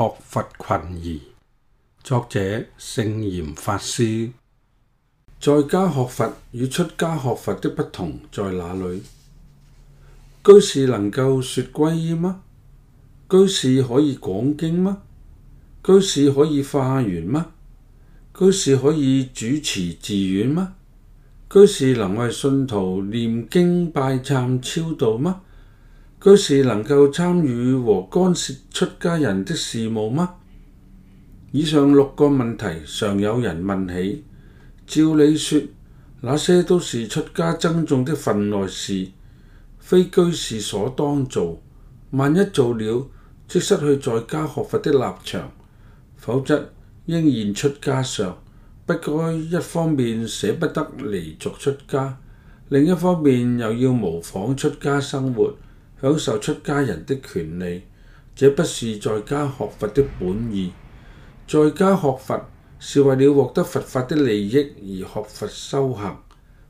學佛群疑，作者聖嚴法師。在家學佛與出家學佛的不同在哪裡？居士能夠說皈依嗎？居士可以講經嗎？居士可以化緣嗎？居士可以主持寺院嗎？居士能為信徒念經、拜懺、超度嗎？居士能夠參與和干涉出家人的事務嗎？以上六個問題常有人問起。照理說，那些都是出家僧眾的份內事，非居士所當做。萬一做了，即失去在家學佛的立場；否則，應現出家相。不該一方面捨不得離俗出家，另一方面又要模仿出家生活。享受出家人的權利，這不是在家學佛的本意。在家學佛是為了獲得佛法的利益而學佛修行。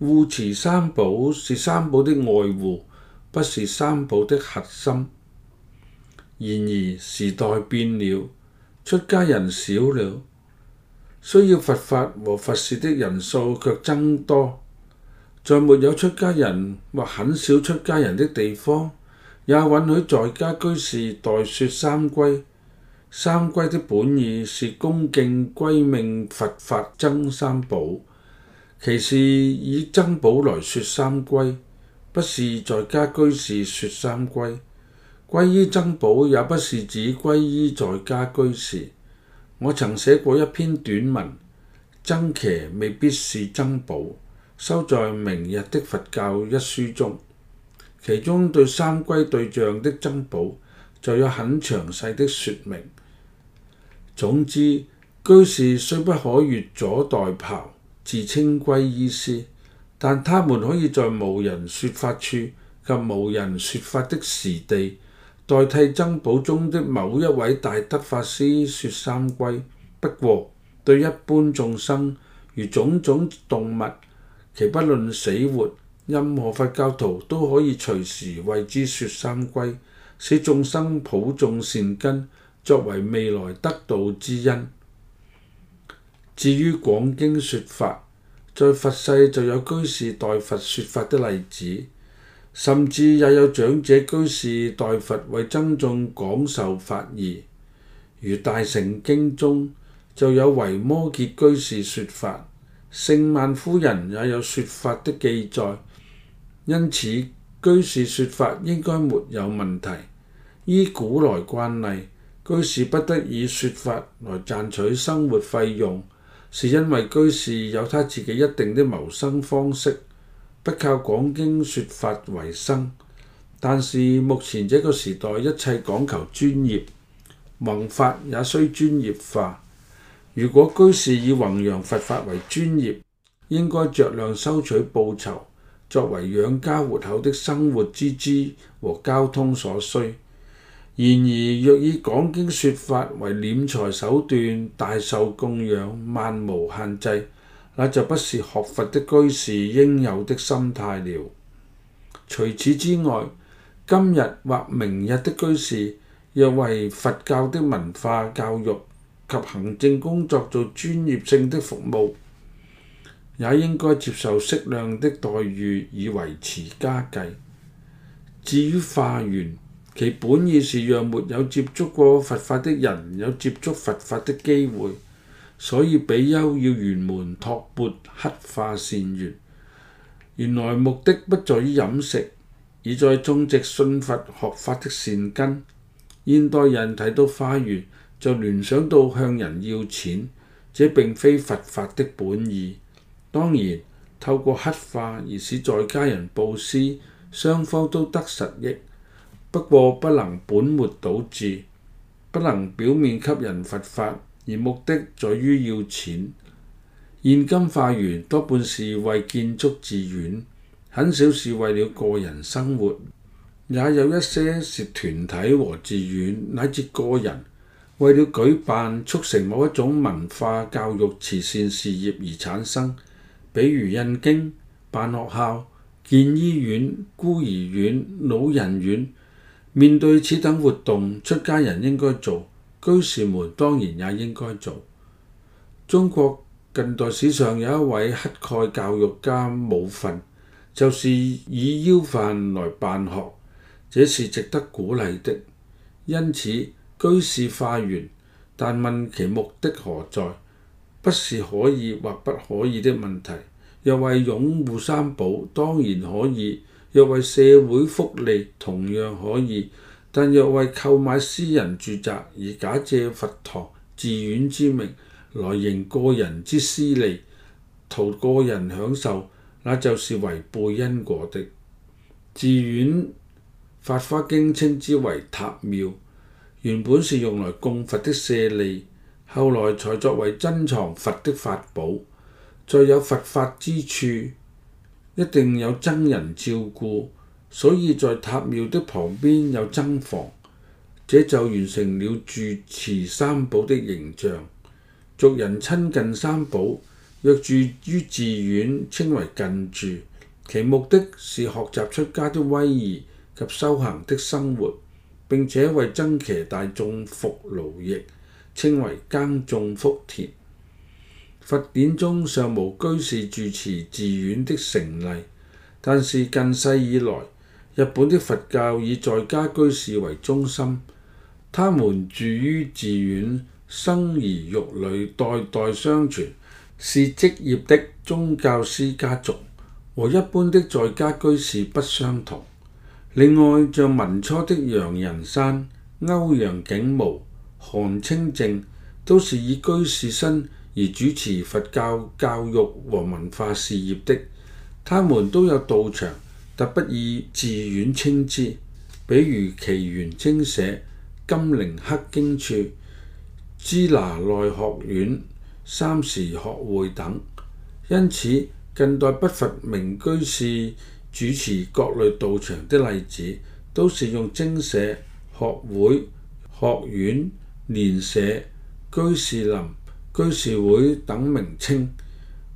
護持三寶是三寶的外護，不是三寶的核心。然而時代變了，出家人少了，需要佛法和佛事的人數卻增多。在沒有出家人或很少出家人的地方，也允許在家居士代説三歸。三歸的本意是恭敬歸命佛法僧三寶。其是以僧寶來説三歸，不是在家居士説三歸。皈依僧寶也不是指皈依在家居士。我曾寫過一篇短文，僧騎未必是僧寶，收在明日的佛教一書中。其中對三歸對象的增補就有很詳細的説明。總之，居士雖不可越俎代庖，自稱皈依師，但他們可以在無人説法處及無人説法的時地，代替增補中的某一位大德法師説三歸。不過，對一般眾生如種種動物，其不論死活，任何佛教徒都可以隨時為之説三歸，使眾生普種善根，作為未來得道之因。至於廣經説法，在佛世就有居士代佛説法的例子，甚至也有長者居士代佛為僧眾講授法義。如《大乘經》中就有維摩詰居士説法，勝鬘夫人也有説法的記載。因此，居士説法應該沒有問題。依古來慣例，居士不得以説法來賺取生活費用，是因為居士有他自己一定的謀生方式，不靠講經説法為生。但是目前這個時代一切講求專業，弘法也需專業化。如果居士以弘揚佛法為專業，應該酌量收取報酬。作為養家活口的生活之資和交通所需，然而若以講經說法為斂財手段，大受供養，漫無限制，那就不是學佛的居士應有的心態了。除此之外，今日或明日的居士，若為佛教的文化教育及行政工作做專業性的服務，也應該接受適量的待遇，以維持家計。至於化緣，其本意是讓沒有接觸過佛法的人有接觸佛法的機會，所以比丘要沿門托缽，乞化善緣。原來目的不在於飲食，而在種植信佛學法的善根。現代人睇到化緣，就聯想到向人要錢，這並非佛法的本意。當然，透過黑化而使在家人佈施，雙方都得實益。不過不能本末倒置，不能表面給人佛法，而目的在於要錢。現今化緣多半是為建築寺院，很少是為了個人生活。也有一些是團體和寺院乃至個人為了舉辦促成某一種文化教育慈善事業而產生。比如印經、辦學校、建醫院、孤兒院、老人院，面對此等活動，出家人應該做，居士們當然也應該做。中國近代史上有一位乞丐教育家武訓，就是以要飯來辦學，這是值得鼓勵的。因此，居士化緣，但問其目的何在？不是可以或不可以的問題。若為擁護三寶，當然可以；若為社會福利，同樣可以。但若為購買私人住宅而假借佛堂寺院之名來營個人之私利，圖個人享受，那就是違背因果的。寺院，法花經稱之為塔廟，原本是用來供佛的舍利。後來才作為珍藏佛的法寶，在有佛法之處，一定有僧人照顧，所以在塔廟的旁邊有僧房，這就完成了住持三寶的形象。俗人親近三寶，若住於寺院，稱為近住，其目的是學習出家的威儀及修行的生活，並且為僧伽大眾服勞役。稱為耕種福田。佛典中尚無居士住持寺院的成例，但是近世以來，日本的佛教以在家居士為中心，他們住於寺院，生兒育女，代代相傳，是職業的宗教師家族，和一般的在家居士不相同。另外，像民初的楊仁山、歐陽竟無。韓清淨都是以居士身而主持佛教教育和文化事業的，他們都有道場，特不以寺院稱之。比如祇洹精舍金陵刻經處支那內學院、三時學會等。因此近代不乏名居士主持各類道場的例子，都是用精舍學會學院。蓮社、居士林、居士會等名稱，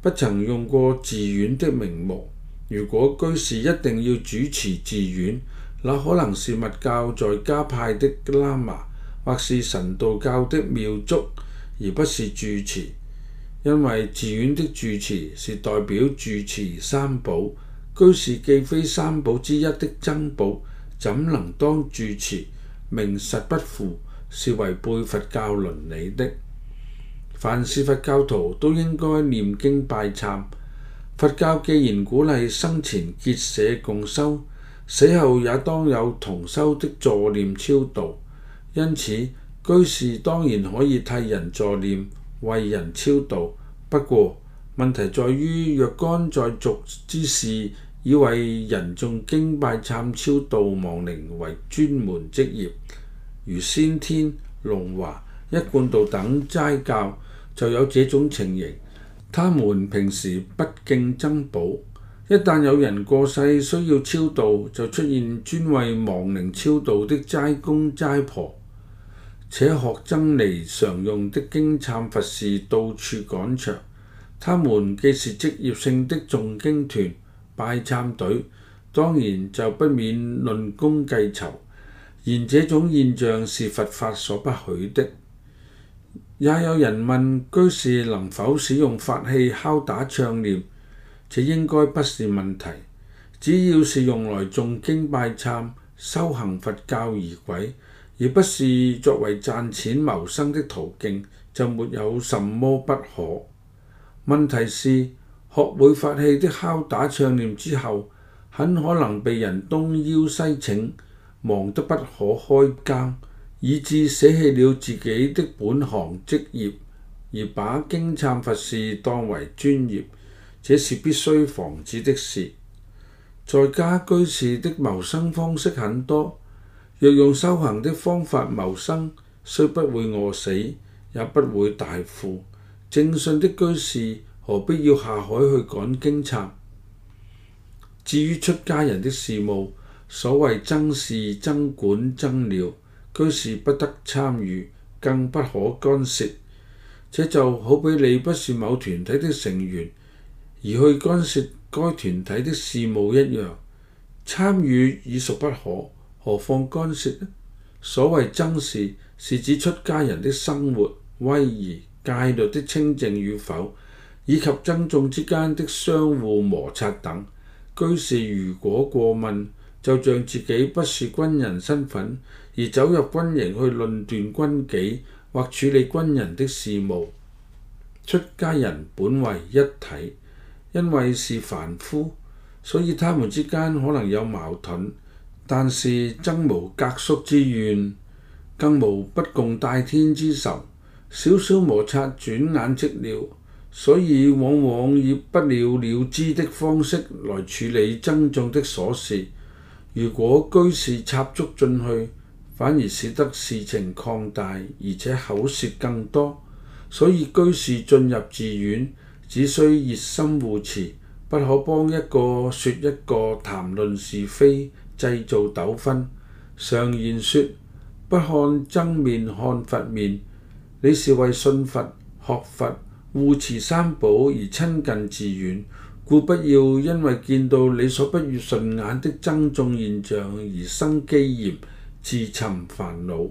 不曾用過寺院的名目。如果居士一定要主持寺院，那可能是密教在家派的喇嘛，或是神道教的廟祝，而不是住持。因為寺院的住持是代表住持三寶，居士既非三寶之一的僧寶，怎能當住持？名實不符，是違背佛教倫理的。凡是佛教徒都應該念經拜懺。佛教既然鼓勵生前結社共修，死後也當有同修的助念超度。因此，居士當然可以替人助念、為人超度。不過，問題在於若干在俗之士，以為人誦經拜懺超度亡靈為專門職業。如先天、龍華、一貫道等齋教就有這種情形，他們平時不敬僧寶，一旦有人過世需要超度，就出現專為亡靈超度的齋公齋婆，且學僧尼常用的經懺佛事到處趕場，他們既是職業性的誦經團、拜懺隊，當然就不免論功計酬。然這種現象是佛法所不許的。也有人問居士能否使用法器敲打唱念，這應該不是問題。只要是用來誦經拜懺、修行佛教而鬼，而不是作為賺錢謀生的途徑，就沒有什麼不可。問題是學會法器的敲打唱念之後，很可能被人東邀西請。忙得不可開交，以致捨棄了自己的本行職業，而把經懺佛事當為專業，這是必須防止的事。在家居士的謀生方式很多，若用修行的方法謀生，雖不會餓死，也不會大富。正信的居士何必要下海去趕經懺？至於出家人的事務，所謂僧事僧管僧了，居士不得參與，更不可干涉。這就好比你不是某團體的成員，而去干涉該團體的事務一樣，參與已屬不可，何況干涉呢？所謂僧事是指出家人的生活、威儀、戒律的清淨與否，以及僧眾之間的相互摩擦等。居士如果過問，就像自己不是軍人身份而走入軍營去論斷軍紀或處理軍人的事務，出家人本為一體，因為是凡夫，所以他們之間可能有矛盾，但是爭無隔宿之怨，更無不共戴天之仇，小小摩擦轉眼即了，所以往往以不了了之的方式來處理爭訟的瑣事。如果居士插足進去，反而使得事情擴大，而且口舌更多。所以居士進入寺院，只需熱心護持，不可幫一個說一個談論是非，製造糾紛。常言說：不看僧面看佛面，你是為信佛、學佛、護持三寶而親近寺院。故不要因為見到你所不悅順眼的僧眾現象而生譏嫌、自尋煩惱。